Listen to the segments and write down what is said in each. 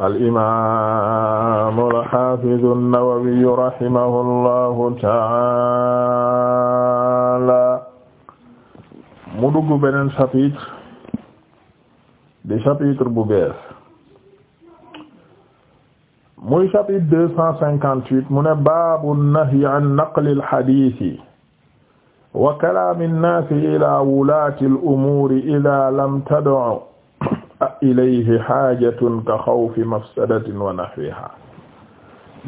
al-imaamu al-haafizu an-Nawawi rahimahullahu ta'aala mu dugg beneen chapitre di chapitre bu bees muy chapitre deux cent cinquante-huit mu ne baabu nahyi an naqli al-hadiisi wa kalaami an-naasi ilaa wulaati al-umuuri idaa lam tad'u a ilayhi xaajatun ka xawfi mafsadatin wa nahwiha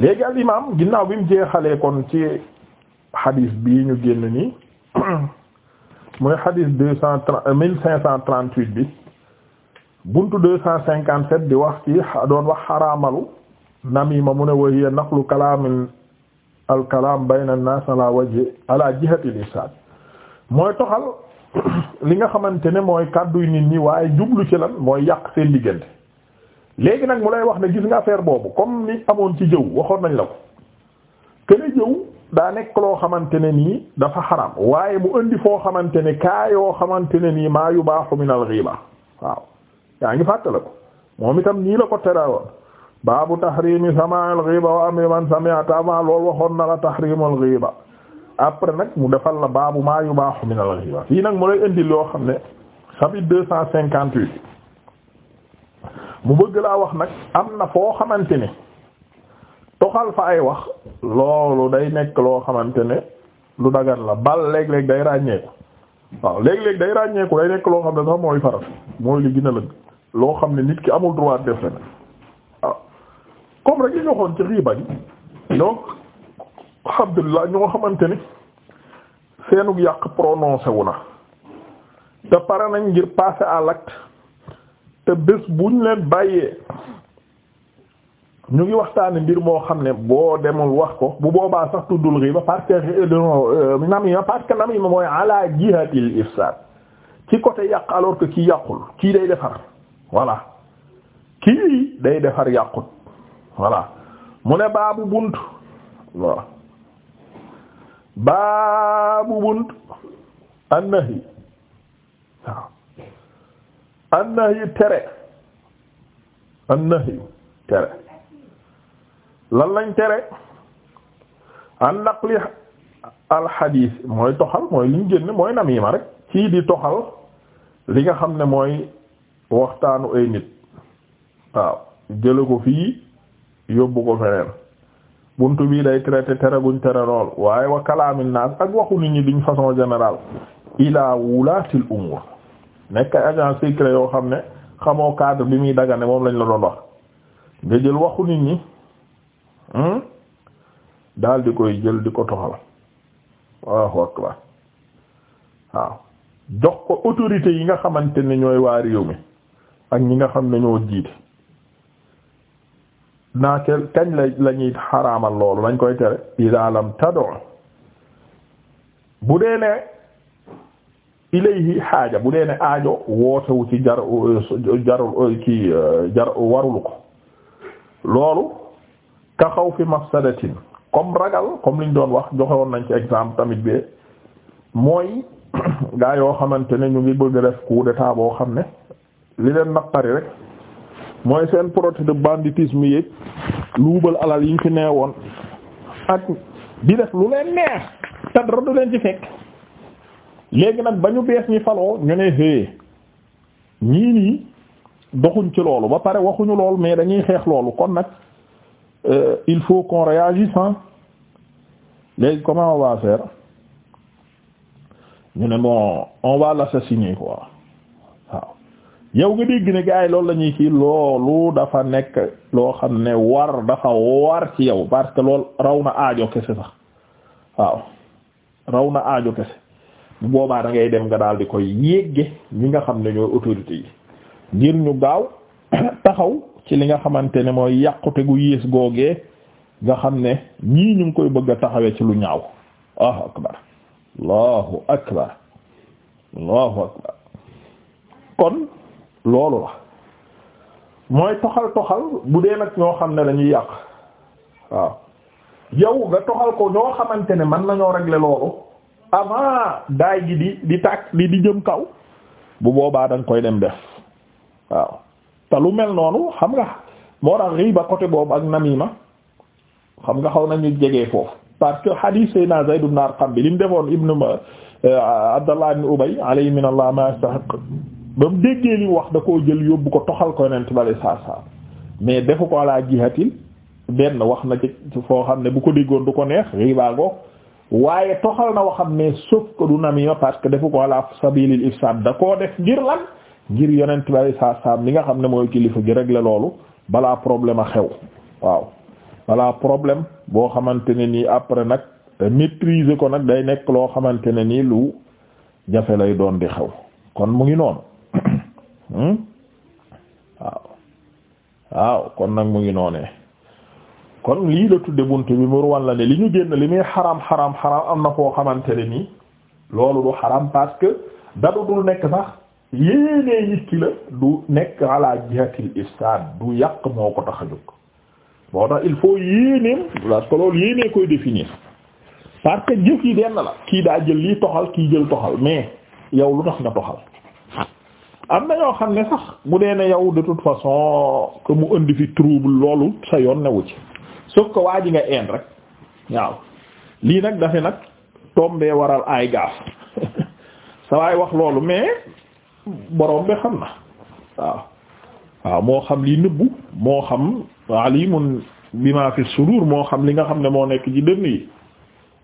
léegi al imam ginnaaw bi mu jeexalee kon ci xadis bii ñu génn nii mooy xadis deux euh, mille cinq cent trente huit bi buntu deux cent cinquante sept di doon wax xaraamalu namima mu ne wa hiya naqlu kalaamin al kalaam bayna an-naas ala wajhi ala jihati al mooy toxal li nga xamante ne mooy kàdduy nit ñi waaye jublu ci lan mooy yàq seen diggante léegi nag mu lay wax ne gis nga affaire boobu comme ni amoon ci jëw waxoon nañ la ko kene jëw daa nekk loo xamante ne nii dafa xaram waaye mu indi foo xamante ne kaa yoo xamante ne nii maa yu baaxu min al ghiba waaw yaa ngi fàttale ko moom itam nii la ko terawoon baabu tahrimi sama al ghiba wa amri man sami'ata ma loolu waxoon na la tahrimul ghiba après nag mu defal la baabu maa yubaahu min al-ghiba fii nag mu lay indil loo xam ne chapitre deux cent cinquante huit mu bëgg laa wax nag am na foo xamante ne toxal fa ay wax loolu day nekk loo xamante ne lu dagan la bal léeg-léeg day ràññeeku waaw léeg-léeg day ràññeeku day nekk loo xam ne sax mooy farat mooy li gën a lëg loo xam ne nit ki amul droit def la comme rek li ñu ci riba gi donc alhamdulilah ñoo xamante ni seenug yàq prononcé wu na te pare nañ ngir passer à te bés buñ leen bàyyee ñu ngi waxtaani mbir moo xam ne boo demul wax ko bu boobaa sax tuddul a parce que euh, euh, namima parce que namima mooy ala jihatil ifsad ci côté yàq alors que kii yàqul kii day defar voilà kii day defar yàqut voilà mu ne baabu bunt waaw baabu bunt annahi waaw annahi tere annahi tere lan lañ tere an naqli alxadiis mooy toxal mooy liñ génne mooy namiima rek ci di toxal li nga xam ne mooy waxtaanu ay nit waaw jële ko fii yóbbu ko feneen buntu bii day traité tere guñ tere lool waaye wa kalaamin naas ak waxu nit ñi diñ façon générale ilaa wulaatil umuur nekk agent secret yoo xam ne xamoo cadre bi muy ne moom lañ la doon wax nga jël waxu nit ñi hmm? daal di koy jël di ko toxal waaw jox ko autorité yi nga xamante ni ñooy waa mi ak ñi nga xam ne ñoo jiite naa kañ la la ñuy loolu lañ koy tere ida lam tado bu dee ne ilayhi xaaja bu dee ne aajo wootewu ci jar jarul ci jar ko loolu ka xaw fi mafsadatin comme ragal comme liñ doon wax joxewoon nañ ci exemple tamit bi mooy gaa yoo xamante ne ñu ngi bëgg def coup d'état boo xam ne li leen naqari rek mooy seen projet de banditisme yéeg luubal alal yi ñu fi nee woon ak di def lu leen neex te dara leen ci fekk léegi nag ba ñu bees ñi faloo ñu ne hé ñii nii doxuñ ci loolu ba pare waxuñu lool mais dañuy xeex loolu kon nag euh, il faut qu'on réagisse hein léegi comment on va faire ñu ne bon on va l'assassiner quoi yow nga dégg ne gars yi loolu la ñuy kii loolu dafa nekk loo xam ne war dafa war ci yow parce que loolu raw na aajo kese sax waaw raw na aajo kese bu boobaa da ngay dem nga daal di koy yégge ñi nga xam ne ñooy autorités yi ngir ñu gaaw taxaw ci li nga xamante ne mooy yàqute gu yées googee nga xam ne ñii ñu ngi koy bëgg a taxawee ci lu ñaaw allahu akbar allahu akbar allahu akbar kon loolu la mooy toxal toxal bu dee nag ñoo xam ne lañuy yàq waaw yow nga toxal ko ñoo xamante ne man nañoo régler loolu avant daay gi di di tàkk di di jëm kaw bu boobaa danga koy dem def waaw te lu mel noonu xam nga moo tax riba côté boobu ak namima xam nga xaw nañu jege foofu parce que hadith sayna Zayd ibn Arqam bi li mu defoon ibn euh, Abdallah ibn Ubay alayhi min Allah ma yastahaq ba mu déggee li wax da koo jël yóbbu ko toxal ko yonent bale saa saa mais defu ko alaa jihatil benn wax na ci foo xam ne bu ko déggoon du ko neex riibaa waaye toxal na xam ne sauf que du namiima parce que defu ko alaa sabilil ifsad da koo def ngir lan ngir yeneen bale saa saa mi nga xam ne mooy kilifa gi régler loolu balaa problème a xew waaw balaa problème boo xamante ne nii après nag maîtriser ko nag day nekk loo xamante ne nii lu jafe lay doon di xew kon mu ngi noonu Hmm? waaw waaw kon nag mu ngi noonee kon lii la tudd bunt bi mu wan la ne li ñu génn li muy xaram xaram xaram am na koo xamante ne nii loolu du xaram parce que dadu dul nekk sax yéenee nit la du nekk ala jihatil ifsad du yàq moo ko tax a jóg moo tax il faut yéeneem parce que loolu yéenee koy définir parce que jëf yi denn la kii daa jël lii toxal kii jël toxal mais yow lu tax nga toxal am na ñoo xam ne sax mu dee ne yow de toute façon que mu indi fi trouble loolu sa yoon newu ci sauf ko waa ji nga een rek waaw lii nag dafe nag tombee waral ay gaaf sa waay wax loolu mais borom bi xam na waaw waaw moo xam lii nëbbu moo xam alimun bima fi sudur moo xam li nga xam ne moo nekk ci dënn yi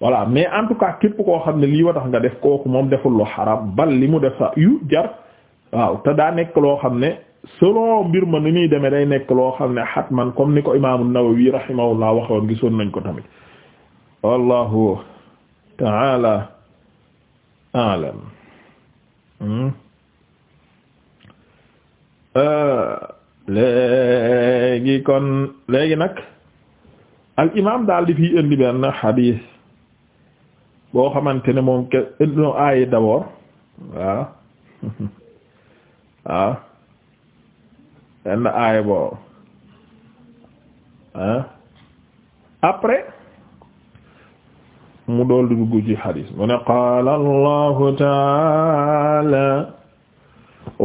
voilà mais en tout cas képp koo xam ne lii wa tax nga def kooku moom deful lu xaram bal li mu def sa yu jar waaw te daa nekk loo xam ne selon mbir ma ni muy demee day nekk loo xam ne xatman comme ni ko imaamu Nawawi rahimahullah waxoon gisoon nañ ko tamit wallahu taala alam hmm? euh, léegi kon léegi nag al imam daal di fi indi benn xadiis boo xamante ne moom ke no aayi d'abord waaw ah benn aaya boobu ah après mu dool di dugg ci xadis mu ne qaala allahu taala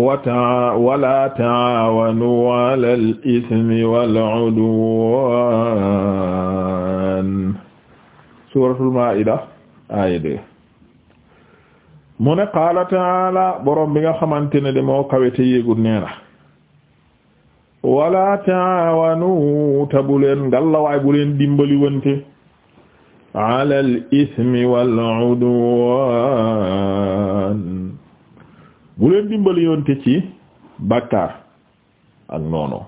wata wala taawanu ala al ismi wal udwan suratul maida aaya mu ne qaala taala borom bi nga xamante ne de moo kawete yéegul nee na wala taawanu ta bu leen ngallawaay bu leen dimbali wante ala al ismi wal udwan bu leen dimbali ci bàkkaar ak noonu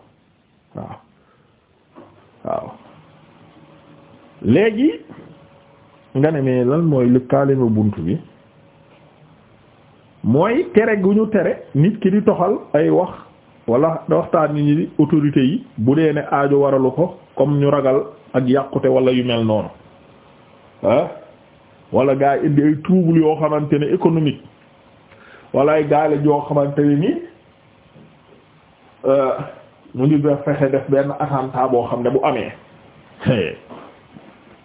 waaw waaw léegi nga ne mais lan mooy lëkkaale bunt bi mooy kere gu ñu tere nit ki di toxal ay wax wala waxtaan nit autorité yi bu dee ne aajo waralu ko comme ñu ragal ak yàqute wala yu mel noonu ah wala gaa yi yoo xamante ne économique wala ay gaale joo xamante ne ni euh, ñu ngi def fexe def benn attentat boo xam ne bu amee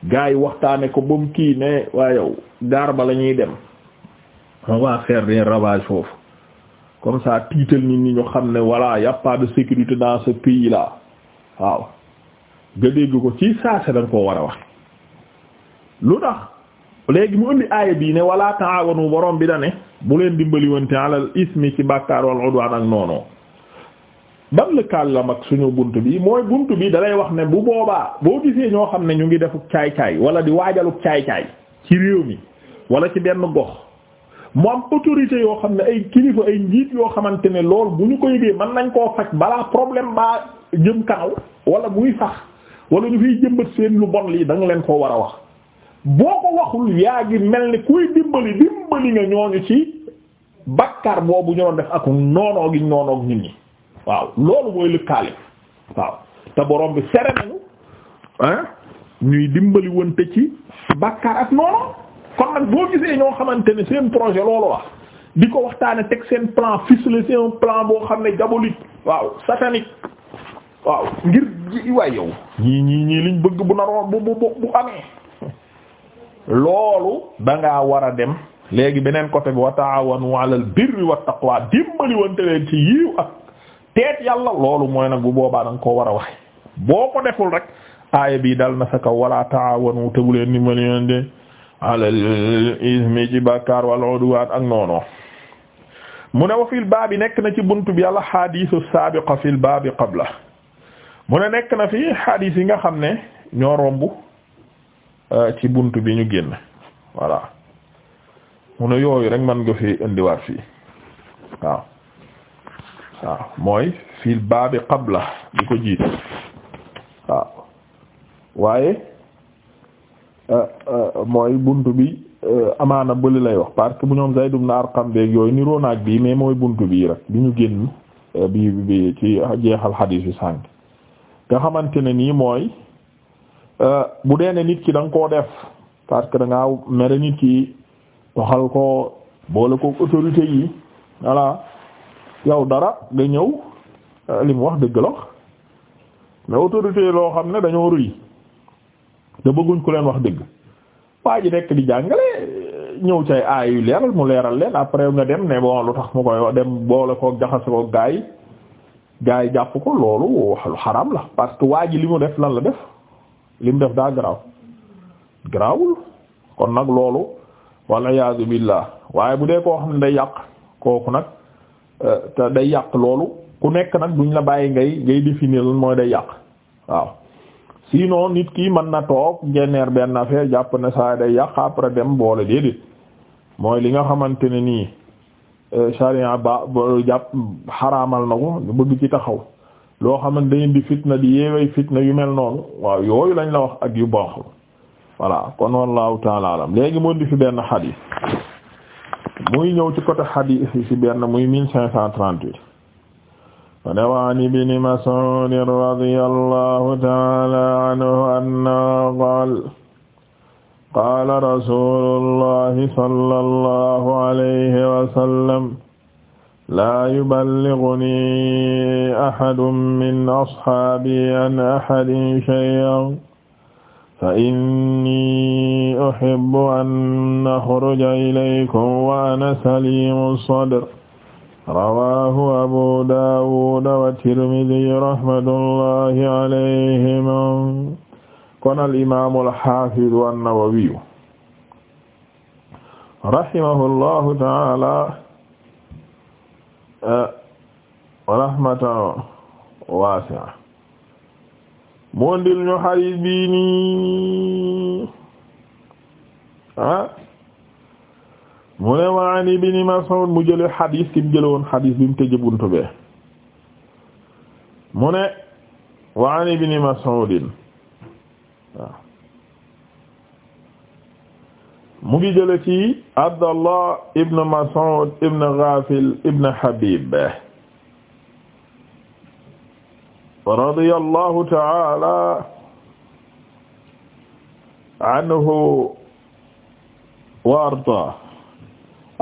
gaa yi waxtaane ko ba kii ne waa yow gaar ba la ñuy dem on va faire des ravages foofu comme sa tiital nit ñi ñu xam ne voilà y a de sécurité dans ce pays là waaw nga dégg ko ci saase dañ koo war a wax lu tax léegi mu indi aaya bii ne wala taawanu borom bi da bu leen dimbali wante alal mi ci bàkkaar wal udwaan ak noonoo ban lëkkallam ak suñu bunt bi mooy bunt bi dalay wax ne bu boobaa boo gisee ñoo xam ne ñu ngi defu caay-caay wala di waajalu caay-caay ci réew mi wala ci benn gox mu am autorité yoo xam ne ay kilifa ay njiit yoo xamante ne lool bu ñu ko yëgee man nañ koo faj balaa problème baa jëm kanaw wala muy sax wala ñu fiy jëmbat seen lu bon lii da leen koo war a wax boo ko waxul yaa ngi mel ni kuy dimbali dimbali nga ñooñu ci bakkar boobu ñoo def ak noonoo gi noonoog nit ñi waaw loolu mooy lëkkaale waaw te borom bi sere nañu ah ñuy dimbali wante ci bakkar ak noonoo kon nag boo gisee ñoo xamante ne seen projet loolu wax di ko waxtaane teg seen plan ficelé c'est un plan boo xam ne diabolique waaw satanique waaw ngir waay yow ñii ñii liñ bëgg bu naroon bu bu bu amee loolu da war a dem léegi beneen côté bi wa ta'awanu 'alal birri wat taqwa dimbali wante leen ci yiiw ak teet yàlla loolu mooy nag bu boobaa da ko war a waxe boo ko deful rek aaya bii dal na sa kaw wala ta'awanu te bu leen dimbali wante alal ismi ci bàkkaar wal udwaan ak noono mu ne wa fil baabi nekk na ci bunt bi yàlla xadiisu saabiqa fil baabi qabla mu ne nekk na fi xadiis yi nga xam ne ñoo romb euh, ci bunt bi ñu génn voilà mu ne yooyu rek man nga fi indiwaat fii waaw waaw mooy fil baabi qabla di ko jiit waaw waaye Euh, euh, mooy bunt bi euh, amaana bëli lay wax parce que bu ñoom Zayd ibn Arqam beeg yooyu niroo naag bii mais mooy buntu bii rek bi ñu génn bi bi ci jeexal xadiis bi sànq nga xamante ne nii mooy bu dee ne nit ki danga koo def parce que da ngaa mere nit ki waxal ko boole ko autorité yi voilà yow dara nga ñëw li wax dëgg la mais autorité loo xam ne dañoo rëy. da bëgguñ ku leen wax dëgg waa ji nekk di jàngale ñëw cay aay yu leeral mu leeral leen après nga dem ne bon lu tax mu koy wax dem boole ko jaxase ko gaa yi yi jàpp ko loolu wax lu xaram la parce que waa ji li mu def lan la def li mu def daa garaaw garaawul kon nag loolu walla yaazu billaah waaye bu dee koo xam ne day yàq kooku nag euh, te day yàq loolu ku nekk nag duñ la bàyyi ngay ngay définir lan mooy day yàq waaw sinon nit ki mën na toog ngeneer benn affaire jàpp na saa day yàq après dem boole déedéet mooy li nga xamante ne nii euh, sharia ba jàpp xaraamal na ko ñu bëgg ci taxaw loo xamante day indi fitna di yeewee fitna yu mel noonu waaw yooyu lañ la wax ak yu baaxul voilà kon wallahu taala alam léegi moo di fi benn xadiis muy ñëw ci côté xadiis yi ci benn muy mille cinq cent trente-huit wa an ibni Mas'uud radiyallahu ta'aala anhu annahu qaala qaala rasuulullahi sallallahu alayhi wa sallam laa yuballighunii ahadun min ashaabii an ahadin shay'an fa innii uhibbu an akhruja ilaykum wa ana saliimu sadr rawaahu abu daawud wa tirmidi rahmatullahi alayhim kon al imaamu al xaafidu an-nawawiyu rahimahullahu taala eh, rahmatan waasi'a mu ndil ñu xarit bi nii ah mu ne waan ibni Mas'ud mu jële xadis ki mu jële woon xadis bi mu tëjee buntu bee mu ne waan ibni Mas'udin waaw mu ngi jële ci Abdallah ibn Mas'ud ibn Ghafil ibn Habib radiyallahu ta'ala anhu wa arda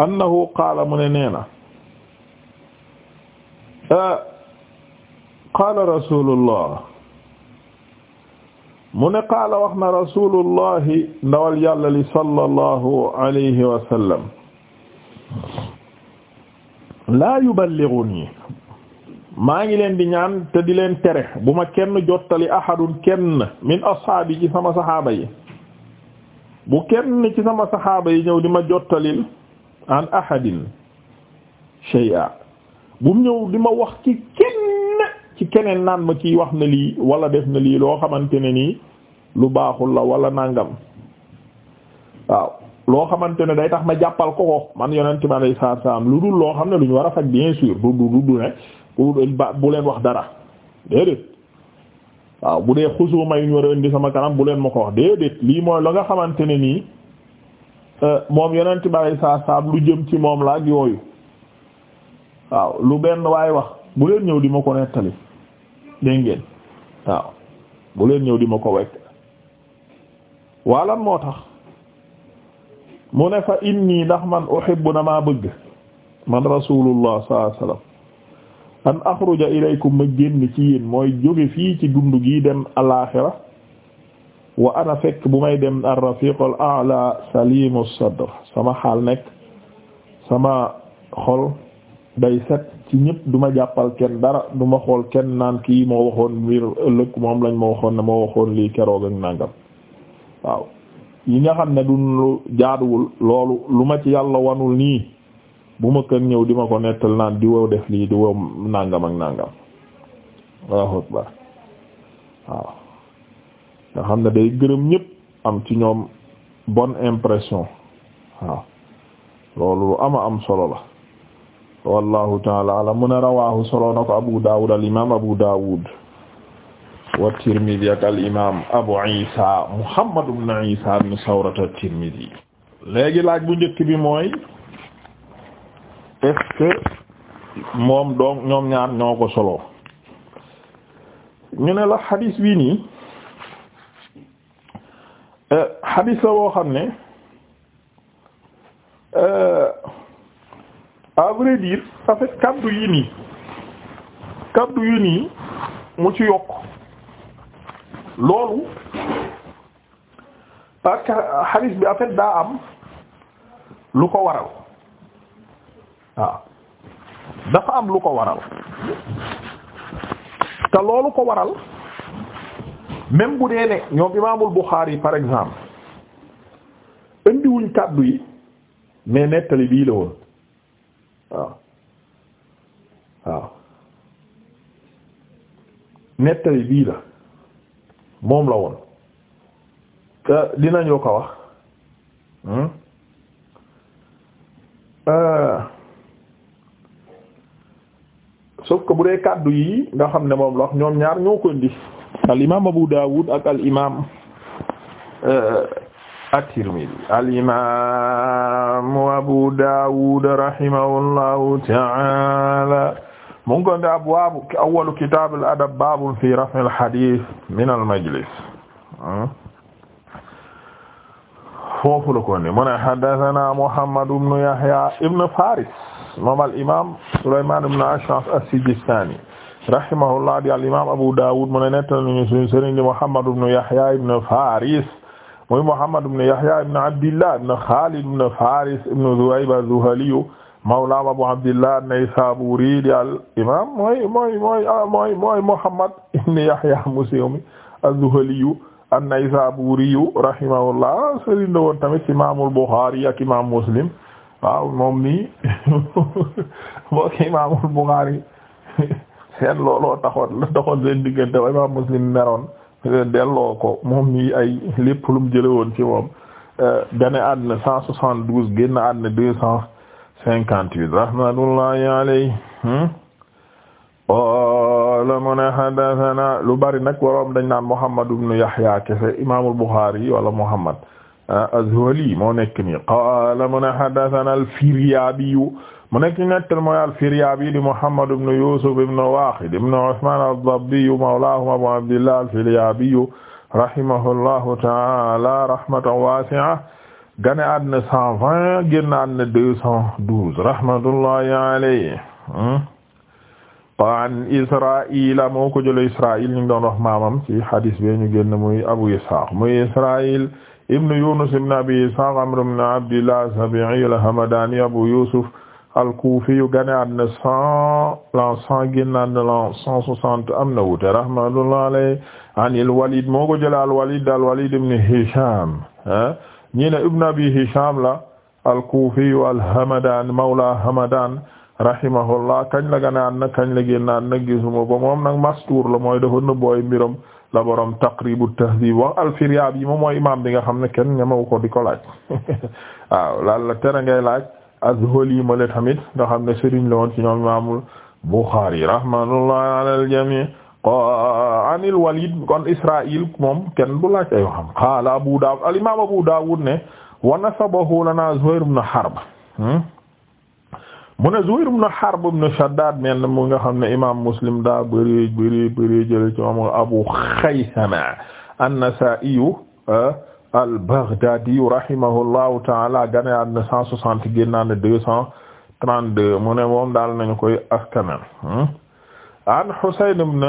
annahu qaala mu ne nee na ah, qaala rasulullah mu ne qaala wax na rasulullahi ndawal yàlla li sallallahu alayhi laa yuballighuni maa ngi leen di ñaan te di leen tere bu ma kenn jottali ahadun kenn min ashaabi ci sama saxaaba yi bu kenn ci sama saxaaba yi ñëw di ma jottalil an ahadin shay'a bu ñëw di ma wax ci kenn ci keneen naan ma kii wax na lii wala def na lii loo xamante ne nii lu baaxul la wala nàngam waaw loo xamante ne day tax ma jàppal ko ko man yonent ma lay saa saam lu dul loo xam ne lu ñu war a faj bien sûr du du du ne bu leen wax dara déedéet waaw bu dee xusuma yu ñu war a indi sama kanam bu leen ma ko wax déedéet lii mooy la nga xamante ne nii. Euh, moom yonent bi saa saam lu jëm ci moom laa ak yooyu waaw lu benn waay wax bu leen ñëw di ma ko nettali dégg ngeen waaw bu leen ñëw di ma ko wekk waalan moo tax mu ne fa inni ndax man uhibbu na maa bëgg man rasulullah sallallahu alayhi wasallam an akhruja ilaykum ma génn ci yéen mooy jóge fii ci dund gi dem alaaxira wa ana fekk bu may dem ar-rafiq al-a'la sama xaal nekk sama xol day set ci ñëpp du ma jàppal kenn dara du ma xool kenn naan kii moo waxoon mbir ëllëg moom lañ ma waxoon ne moo waxoon lii keroog ak nàngam waaw yi nga xam ne du lu jaaduwul loolu lu ma ci yàlla wanul nii bu ma kenn ñëw di ko nettal naan di wow def lii di wow nangam ak nangam waaw nga xam ne gërëm ñëpp am ci ñoom bon impression waaw loolu lu ama am solo la wallahu taala alam mu ne rawahu solo na ko abu dawud al imam abu dawud wa tirmidhi ak abu isa muhammad ibn isa ibn sawrat at tirmidhi laaj bu njëkk bi mooy est moom donc ñoom ñaar ñoo ko solo ñu ne la hadis bi nii xadis euh, la boo xam ne euh, à vrai dire en fait kaddu yi nii kaddu yi nii mu ci yokk loolu parce que xadis bi en daa am lu ko waral waaw dafa am lu ko waral te loolu ko waral même bu dee ne ñoom imaamul yi par exemple indiwuñ kàddu yi mais nettali bii la woon waaw waaw nettali bii la moom la woon dinañu ko wax hmm? euh. sauf ko bu dee kàddu yi nga xam ne moom la wax ñoom ñaar ñoo ko indi al imaam Abu Dawud ak al imaam eh, at-Tirmidhi al imaam Abu Dawud rahimahullahu ta'ala mu ngi ko def abwaabu awwalu kitaab al adab baabun fi raf'i al hadiis min al majlis foofu la ko ne mu ne haddathana Muhammad ibn Yahya ibn Faris moom al imaam Sulaymaan ibn Ash'ath as-Sijistani rahimahullah di al imam Abu Dawud mu ne nettali nañu sunu sëriñ di Muhammad ibn Yahya ibn Faris muy Muhammad ibn Yahya ibn Abdillah ibn Khalid ibn Faris ibn Zuhayb az-Zuhali mawla Abu Abdillah an-Naysaburi di al imam mooy mooy mooy ah, mooy mooy Muhammad ibn Yahya Musaymi az-Zuhali an-Naysaburi rahimahullah sëriñ la woon tamit ci imaamul Bukhari ak imam Muslim waaw moom nii moo ki imaamul Bukhari seen looloo taxoon la taxoon seen diggante ba imam Muslim meroon delloo ko moom mi ay lépp lu mu jële woon ci moom gane euh, àddina cent soixante douze génn àddina deux cent cinquante huit rahmatullahi alayhi hmm? qala mu ne hadathana lu bari nag waroom dañ naan Muhammad ibn Yahya kefe imamul Bukhari wala Muhammad ah, az moo nekk ni qala mu ne hadathana al-Firyabi mu nekk nettal mooy al-Firyaabi di Muhammad ibn Yusuf ibn Waaqid ibn Usmaan ad-Dabbi mawlaahum Abu Abdillah al-Firyaabi rahimahullahu ta'aala rahmatan waasi'a gane àddina cent vingt génn àddina deux cent douze rahmatullahi alayhi an Israa'iila moo ko jëlee Israa'iil ñu ngi doon wax maamam ci hadiis bi ñu génn muy Abu Ishaaq muy Israa'iil ibn Yunus ibn Abi Ishaaq Amr ibn Abdillah as-Sabi'i al-Hamdaani Abu Yusuf al-Kuufiyu gane àddina cent l'an la génn àddina am na wuute rahmatullahi alayhi an al-Walid moo ko jëlee al-Walid al-Walid ibn Hisham ñi ne ibn Abi Hisham la al-Kuufiyu al-Hamadan mawla Hamadan rahimahullah kañ la gane àddina kañ la génn àddina gisuma ba moom nag mastuur la mooy dafa nëbb ay mbiram la borom Taqrib at-Tahdhib wa al yi moom mooy imaam bi nga xam ne kenn ñamaw ko di ko laaj waaw laal la tere ngay laaj. az-Zuhli male tamit nga xam ne sëriñ la woon ci ñoom imaamul Buxaari rahmatullahi ala al-jamii an al-Walid kon Israa'il moom kenn du laaj ay waxam qaala Abu Daawud al-imaam Abu Daawud ne wa nasabahu lana Zuhayr ibn Harb hmm? mu ne Zuhayr ibn Harb ibn Shaddad mel mu nga xam ne imaam Muslim daa bëri bëri bëri jële ci moom Abu Xaysama an-Nasaa'i ah, al-Baghdadi rahimahullahu ta'ala gane àddina 160 génnaa ne 232 mu ne moom daal nañu koy askanal an Husayn ibn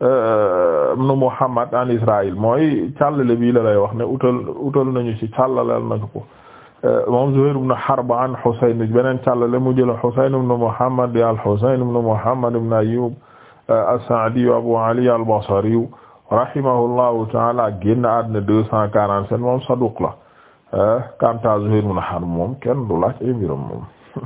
ibn Muhammad an Israil mooy càllale bii la lay wax ne utal nañu ci càllalal nañu ko moom Zuhayr ibn Harb an Husayn beneen càllale mu jël Husayn ibn Muhammad al-Husayn ibn Muhammad ibn Ayyub as-Sa'di Abu Ali al-Basri rahimahullahu taala génn àddina deux cent quarante sept moom saduq la eh, kanta Zuhayr ibn Harb moom kenn du laaj ay mbiram moom waaw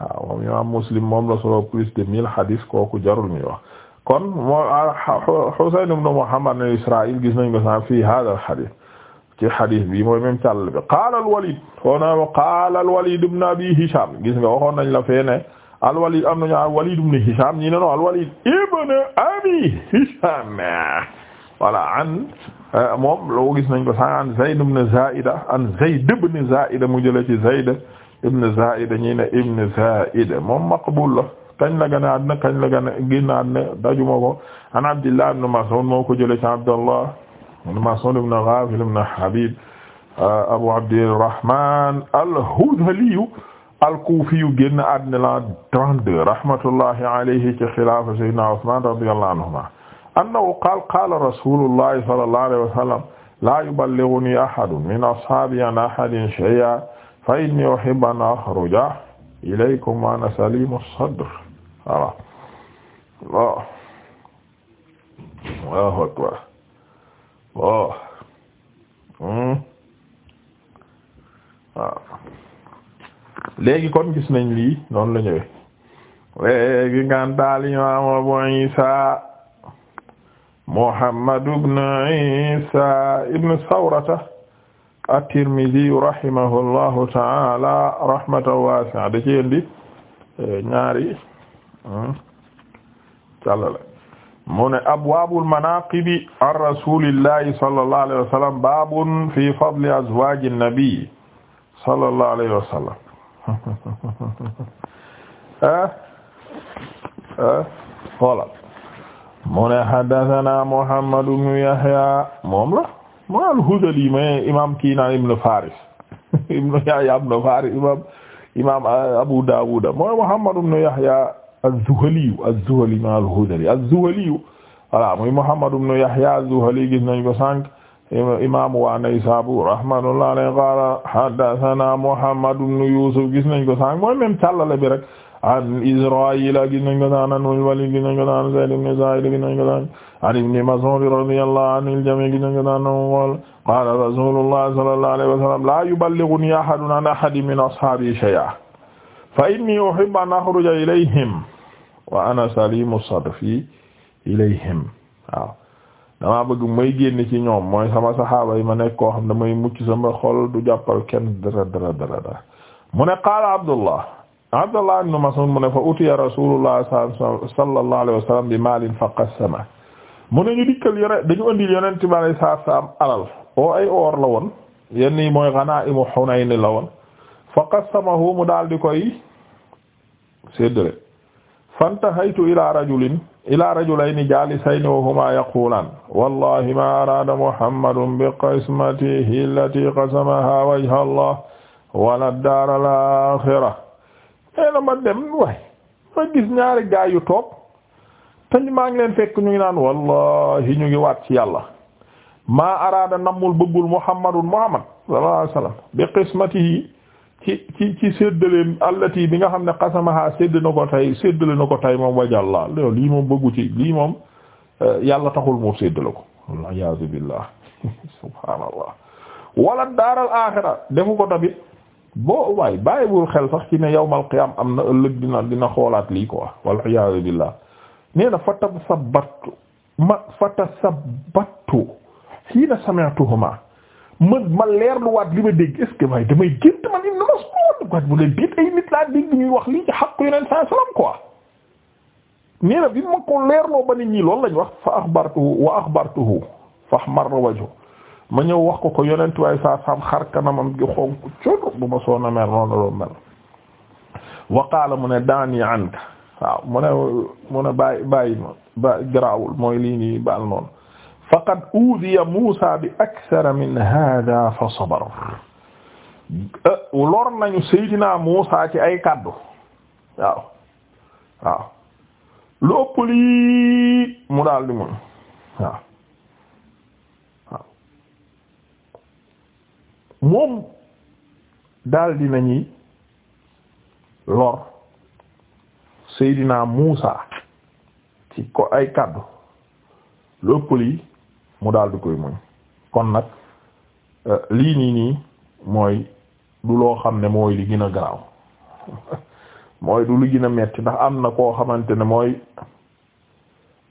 ah, moom imam Muslim moom la solo plus de mille hadith kooku jarul mi wax kon moo ah, Husayn ibn Muhammad ne Israil gis nañ ko sa fii hada al hadith ci hadith bi mooy même càll bi qaala al Walid foo na qaala al Walid ibn Abi Hisham gis nga waxoon nañ la fee ne al-Walid am nañu al-Walid ibn Hisham ñi ne no al-Walid ibn Abi Hisham voilà an euh, moom loo gis nañ ko sax an Zayd ibn Zaida an Zayd ibn Zaida mu jëlee ci Zayd ibn Zaida ñi ne ibn Zaida moom maqbul la kañ la gën a àdduna kañ la gën a génnaat ne dajuma ko an Abdullah ibn Mas'ud moo ko jëlee ci Abdullah ibn Mas'ud ibn Ghafil ibn Habib euh, Abu Abdirrahman al-Hudhali al-Kufi yu génn àddina la 32 rahmatullahi alayhi ci xilaafa sayyidina Usman radiyallahu anhuma annahu qaala qaala rasulullahi sallallahu alayhi wa sallam laa yuballighuni ahadun min ashaabi an ahadin shay'an fa inni uhibbu an akhruja ilaykum wa ana salimu as-sadr voilà bon Allahu akbar bon hmm? waaw léegi kon gis nañ lii noonu la ñëwee léegi ngaan daal imaam Abu Isa Muhammad ibn Isa ibn Sawrata at-Tirmidhi rahimahullahu ta'ala rahmatan wasi'a da ci indi eh, ñaari hmm, càllale mu ne abwaabul manaaqibi an rasuulillahi sallallahu alayhi wa sallam baabun fi fadli azwaaji nnabi sallallahu alayhi wa sallam Eh? Eh? xoolal mu ne haddathana Muhammad ibn Yahya moom la mu al-Hudhali mais imam imam eh, Abu Dawud Muhammad ibn Yahya az-Zuhali az-Zuhali ma al-Hudhali az-Zuhali voilà muy Muhammad ibn Yahya az-Zuhali gis ko sànq imaamu waa Naysaabu rahmatullahi alayhi qaala haddathana Muhammad ibn Yusuf gis nañ ko sànq mooy même tallale bi rek an Israa'il gis nañ ko sànq an Walid gis nañ ko sànq Zayd ibn Zayd gis nañ ko sànq an Ibn Mas'ud radiyallahu anil jamii' gis nañ ko sànq qaala rasuulullahi sallallahu alayhi wa sallam laa yuballighunii ahadun an ahadin min ashaabii shay'an fa innii uhibbu an akhruja ilayhim wa ana saliimu sadri ilayhim waaw damaa bëgg may génn ci ñoom mooy sama saxaaba yi ma nekk koo xam ne may mucc sama xol du jàppal kenn dara dara dara dara mu ne qaala Abdullah Abdullah ibn Mas'ud mu ne fa utiya Rasulullah sallallahu alayhi wa sallam bi maalin fa qassama mu ñu dikkal yore dañu alal oo oh, ay oor la woon mooy ganaa'imu Hunayn la fa qassamahu mu daal di koy séddale fantahaytu ila rajulin ila rajulayni jalisayni wa huma yaqulan wallahi ma arada muhammadun bi qismatihi allati qasamaha wajha allah wala daar al axira nee na ma dem waay ma gis ñaari gaa yu toog te maa ngi leen fekk ñu ngi naan wallahi ñu ngi waat ci yàlla ma arada namul bëggul muhammadun muhammad sallallahu alayhi wasallam bi qismatihi ci ci ci séddaleem allati bi nga xam ne xasamaha sédd na ko tey séddale na ko tey moom wajalla loolu lii moom bëggu ci lii moom euh, yàlla taxul moom séddale ko waliyasu billah subhaanallah wala daaral axira defu ko tamit boo waay bàyyiwul xel sax ci ne yawmal qiyaam am na ëllëg dina dina xoolaat lii quoi waliyasu billah nee na fatasabattu ma fatasabattu hiina sami'tuhuma ma ma leerluwaat li ma dégg est ce que damay gént man Ibn Mas'ud quoi bu leen nit laa ñuy wax lii ci xaqu yeneen saa bi ma ko leerloo ba nit ñi loolu lañ wax fa axbartuhu wa axbartuhu fa ahmarra wajhu ma ñëw wax ko ko yonent waaye saa saam xar kanamam gi xonk coono bu ma soona mer noonu la doon mel. mu ne daani anka waaw mu ne bàyyi bàyyi ma ba garaawul mooy lii nii baal noonu. faqad uudiya Muusaa bi akthara min haadaa fa sabar euh, lor nañu Seydina Muusaa ci ay kàddu waaw waaw mu daal di muñ waaw waaw daal di nañuy lor Seydina Muusaa ci ko ay kàddu lu ëpp mu daal di koy muñ kon nag euh, lii nii nii mooy du loo xam ne mooy li gën a garaaw mooy du lu gën a metti ndax am na koo xamante ne mooy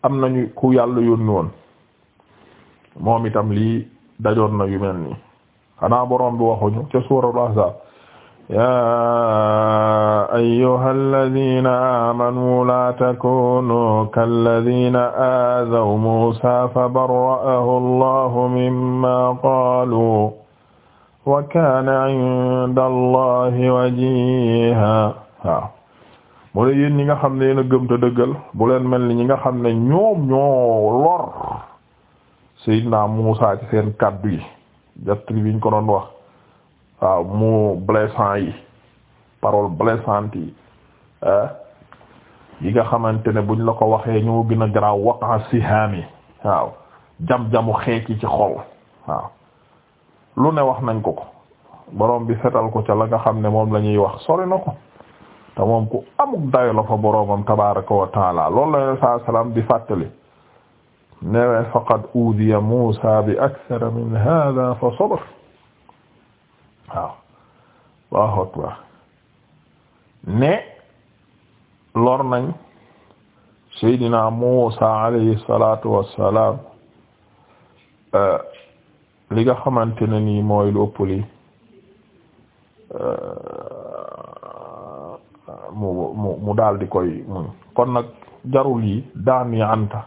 am nañu ku yàlla yónni woon moom itam lii dajoon na yu mel nii xanaa borom bi waxuñu ca suuratul Ahzab yaa ayyuhal laziina aamanuu laa takuunuu kallaziina aadaw Muusaa fabarra'ahu Allaahu mimmaa qaaluu wa kaana inda Allaahi wajiihaa waaw mu ne yéen ñi nga xam ne yéen a gëm te dëggal bu leen mel ni ñi nga xam ne ñoom ñoo lor Seydina Muusaa ci seen kàddu yi jatt bi ñu ko doon wax waaw mu blessant yi parole blessante yi yi nga xamante ne buñ la ko waxee ñoo gën a garaaw waqa sihaam yi waaw jam-jamu xeec yi ci xol waaw lu ne wax nañ ko ko borom bi setal ko ca la nga xam ne moom la ñuy wax sori na ko te moom ku amuk dayo la fa boroomam tabaraka wa taala loolu la saa salaam di fàttali newe faqad udiya Muusa bi akthara min hada fa sabr waaw waaw akbar ne lor nañ Seydina Muusa alayhi salaatu wassalaam euh, li nga xamante ne nii mooy lu ëpp li euh, mu mu mu koy muñ kon nag jarul yi daan yi anta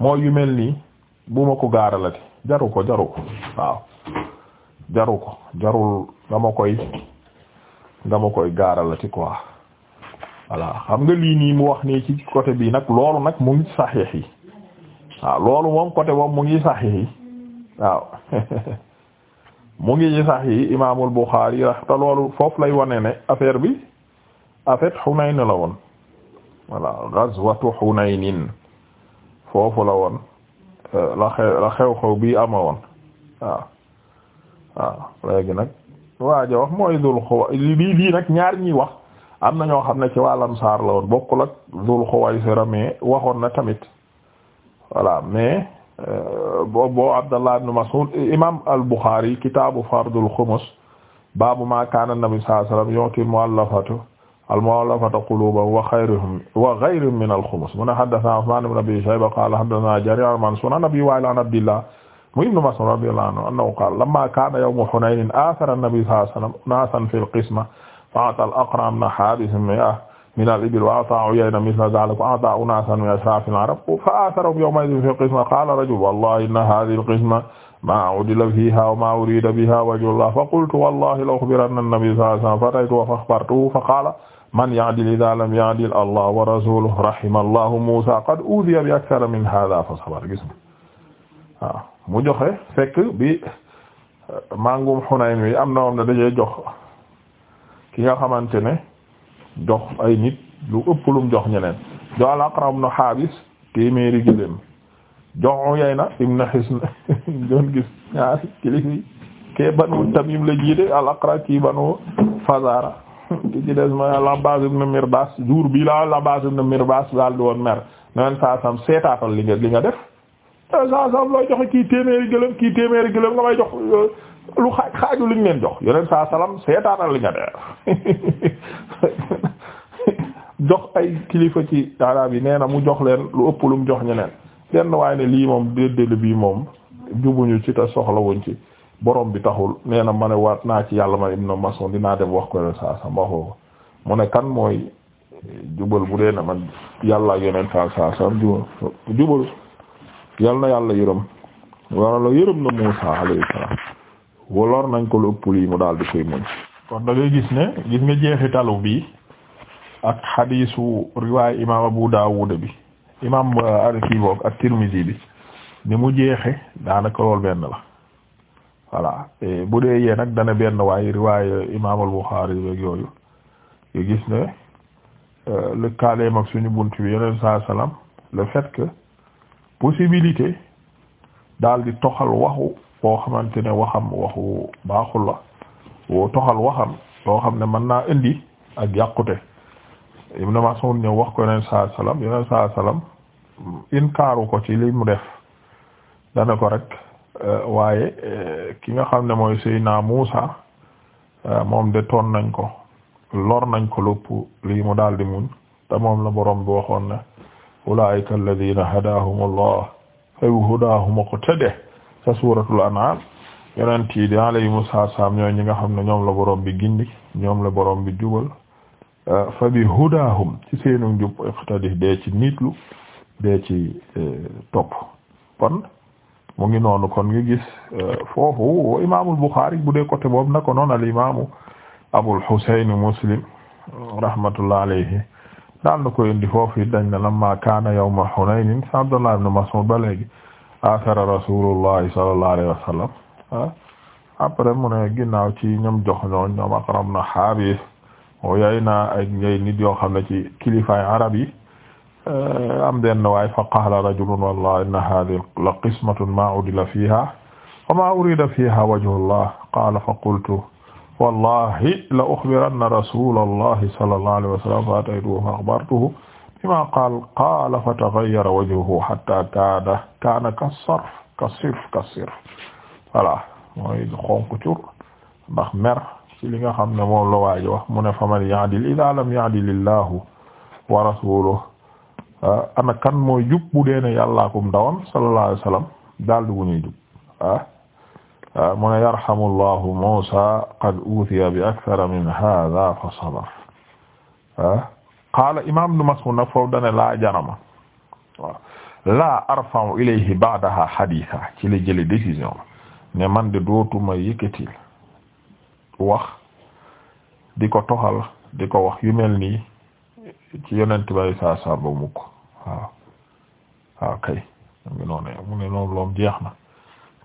mooy yu mel nii bu ma ko gaaralati jaru ko jaru ko waaw jaru ko jarul dama koy dama koy gaaralati quoi voilà xam nga lii nii mu wax nii ci côté bii nag loolu nag mu ngi saxiix yi waaw loolu moom côté boobu mu ngi saxiix yi waaw mu ngi ci saxiix imaamul Buxaari te loolu foofu lay wane ne affaire bi en fait Hunayn la woon voilà ghazwatu Hunaynin foofu la woon euh, la la xew-xew bi ama woon waaw waaw léegi nag waaja wax mooy dul xuwa lii lii nag ñaar ñi wax am na ñoo xam ne ci wàllam saar la woon bokkul ak dul xuwaysira mais waxoon na tamit voilà mais euh, bo bo Abdallah ibn Mas'ud imam al-Bukhari kitaabu fardul xumus baabu ma kaana nabi sallallahu alayhi wasallam yu'ti al-mu'allafatu al-mu'allafata quluubahum wa xayrihim a xayrihim min al-xumus mun haddathana Uthman ibn Abi Shayba qala haddathana Jarir an Mansour an Abi Wa'il an Abdillah mu ibnu Mas'ud radiyallahu anhu annahu qaala lamma kaana yawmu Hunaynin athara an-nabi sallallahu alayhi wa sallam naasan fil qisma fa'ata al-Aqra' ibn Haabis mi'a min al-ibil wa a'ta Uyayna mithla dhaalika wa a'ta unaasan min ashraafil arab fa aatharahum yawma'idhin fil qisma qaala rajul wallahi inna haadhihi al-qisma maa udila fiha wa maa urida biha wajhullah fa qultu wallahi la ukhbiranna an-nabi sallallahu alayhi wa sallam fataytu wa akhbartuhu fa qaala man ya'dil idha lam ya'dil Allah wa rasuluhu rahima Allahu Musa qad udhiya bi akthara min hadha fa sabara waaw mu joxe fekk bi euh, màngum Hunayn wi am na moom ne dajee jox ki nga xamante ne jox ay nit lu ëpp lum jox ñeneen jox al-Aqra ibn Haabis téeméeri gëléem jox Uyayna ibn Hisn doon gis ñaari kilifi kee Banu Tamim la jiite al-Aqra kii Banu Fazara ki ci des mooy al-Abbaas ibn Mirbaas bi la al-Abbaas ibn Mirbaas daal di woon mer neen saa sam seetaatal li nga def saa saam looy joxe kii téeméeri gëlëm kii téeméeri gëlëm nga may jox lu xaaj xaaju liñ leen jox yeneen saa salaam seetaanal li nga def jox ay kilifa ci arab yi nee na mu jox leen lu ëpp lu mu jox ñeneen kenn waaye ne lii moom déedéel bii moom jubuñu ci te soxlawuñ ci borom bi taxul nee na ma ne waat naa ci yàlla ma Ibn Mas'ud dinaa dem wax ko yeneen saa saam waxoo mu ne kan mooy jubal bu dee na man yàlla ak saa saa jubal jubal. yal na yàlla yërëm wala yërëm na Muusa alayhi salaam woloor nañ ko lu ëpp lii mu daal di koy muñ kon da gis ne gis nga jeexitalu bi ak xadiisu riwaay imaam Abu Daawud bi imaam euh, Arki boog ak Tirmizi bi ni mu jeexe daanaka lool benn la voilà bu dee yee nag dana benn waaye riwaay imaam al yooyu nga gis ne euh, lëkkaaleem ak suñu bunt bi yeneen saa salaam le fait que possibilité daal di toxal waxu koo xamante ne waxam waxu baaxul la toxal waxam loo xam ne mën naa indi ak yàqute Ibn Mas'ud ñëw wax ko yeneen saa salaam yeneen saa salaam inkaaru ko ci li mu def dana ko rek eh, waaye eh, ki nga xam ne mooy naa Muusa eh, moom de toon nañ ko lor nañ ko lépp lii mu daal di muñ te moom la boroom bi waxoon na ulaa'ika allaziina hadaahumullah fa bi hudaahum iqtadih ca suuratul an'aam yonent yi alayhi salaam ñooy ñi nga xam ne ñoom la borom bi gindi ñoom la borom bi jubal fa bi hudaahum ci seenu njub iqtadih dee ci niitlu dee ci eh, topp mu ngi noonu kon nga gis eh, foofu imaamul Buxaari bu dee côté boobu naka noonu al imaamu Abul Husayn Muslim rahmatullah alayhi daal na koy indi foofu dañ na lamma kaana yawma Hunayn sa Abdullah ibn Mas'ud ba léegi athara Rasulullahi sallallahu alayhi wa sallam ah, après mu ne ginnaaw ci ñoom jox ñoom ñoom Aqram na Haabis Uyayna ak ñay nit yoo xam ne ci kilifaay arab yi eh, am benn waay fa qaala rajulun wallahi inna haadhihi la qismatun maa udila fiihaa wa maa urida fiihaa wajhullah qaala fa qultu wallahi la uxbiranna rasulallahi sallallahu alayhi wa sallam fa ataytuhu bima qaal qaala fa taghayyara wajhuhu hatta kaana kasarf kasirf mooy xonk cur ndax ci li nga xam ne moom la waaji wax mu ne faman ya'dil idaa lam ya'dilillahu wa rasuluhu ah, ana kan mooy jub bu dee dawam sallallahu alayhi wa daal di wu ñuy ah. Ah, mu ne yarhamu allahu Muusaa qad uutiya bi akthara min haadha fa sabar ah qaala imaam Ibn Mas'uud nag foofu dane laa jarama waaw laa arfa'u ilayhi ba'daha hadiisan ci la jële décision ne man de dootuma yëkkatil wax di ko toxal di ko wax yu mel ci yonent bay saa saa ba mukk waaw waaw kay mu ne noonu loom jeex na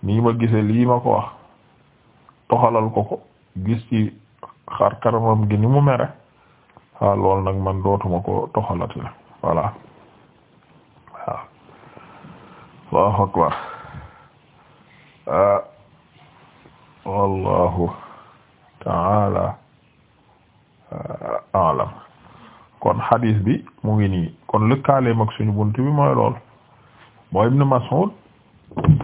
nii ma gisee lii ma ko wax toxalal ko ko gis ci xar karamam gi ni mu mere waaw ah, lool nag man dootuma ko toxalati la voilà waaw allahu akbar ah, wallahu taala ah, alam kon hadith bi mu ngi nii kon lëkkaaleem ak suñu bunt bi mooy lool mooy Ibn Mas'ud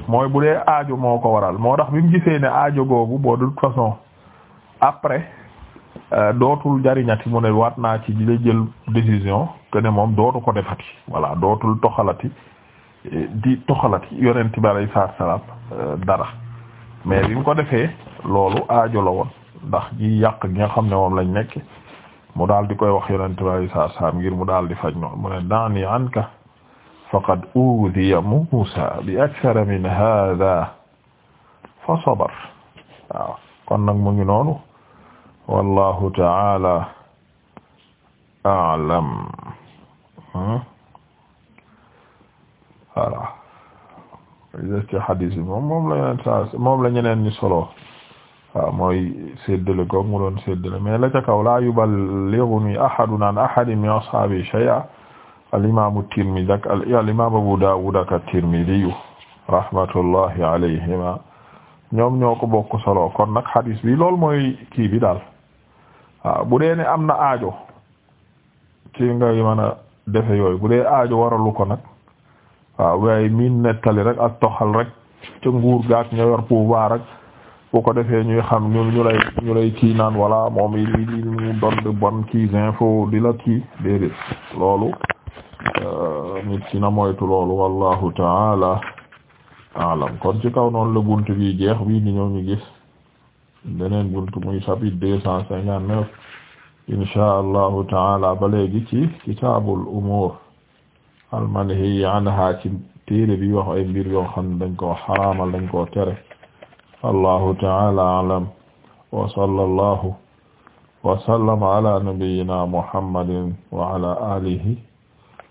mooy bu dee aajo moo ko waral moo tax bi mu gisee ne aajo googu boo de toute façon après euh, dootul jariñati mu ne waat naa ci di la jël décision que ne moom dootu ko defati voilà dootul toxalati di toxalati yonent bi alayhi salaam euh, dara mais bi mu ko defee loolu aajo la woon ndax ji yàq gi nga xam ne moom lañ nekk mu daal di koy wax yonent bi alayhi salaam ngir mu daal di faj noonu mu ne daani anka faqad uudiya Muusaa bi akthara min haadaa fa sabar waaw kon nag mu ngi noonu wallaahu ta'aala a'lam hmm? voilà ci hadiis bi moom moom la yeneen saa moom la ñeneen ñi solo waaw mooy séddale ko mu doon séddale mais la ca kaw laa yuballighunii ahadun an ahadin min ashaabihi shay'an alimamu Tirmidi ak alimamu Abu Dawud ak Tirmidiyu rahmatullahi alayhima ñoom ñoo ko bokk solo kon nag hadis bi loolu mooy kii bi daal waaw ah, bu dee ne am na aajo ci nga mën a defe yooyu bu dee aajo waralu ko nag waaw ah, waaye miin nettali rek ak toxal rek ca nguur gaak ña yor pouvoir ak bu ko defee ñuy xam ñu ñu lay ñu lay kii naan wala moom i mu doon de kii info di kii loolu Euh, nit ki na moytu loolu wallahu taala alam kon ci kaw noonu la buntu bi jeex bii di ñëw ñu gis beneen buntu muy chapitre deux cent cinquante neuf insha allahu taala ba léegi ci kitaabul umuur al manhi anha ci téere bi wax ay mbir yoo xam ne dañ koo xaraamal dañ koo tere allahu taala alam wa sallallahu wa sallama ala nabiyyina